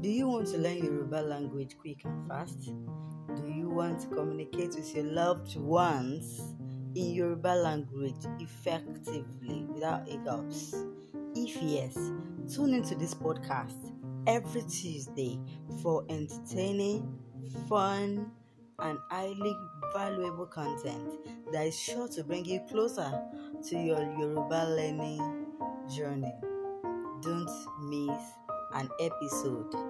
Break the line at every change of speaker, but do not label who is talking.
Do you want to learn Yoruba language quick and fast? Do you want to communicate with your loved ones in Yoruba language effectively without hiccups? If yes, tune into this podcast every Tuesday for entertaining, fun, and highly valuable content that is sure to bring you closer to your Yoruba learning journey. Don't miss an episode.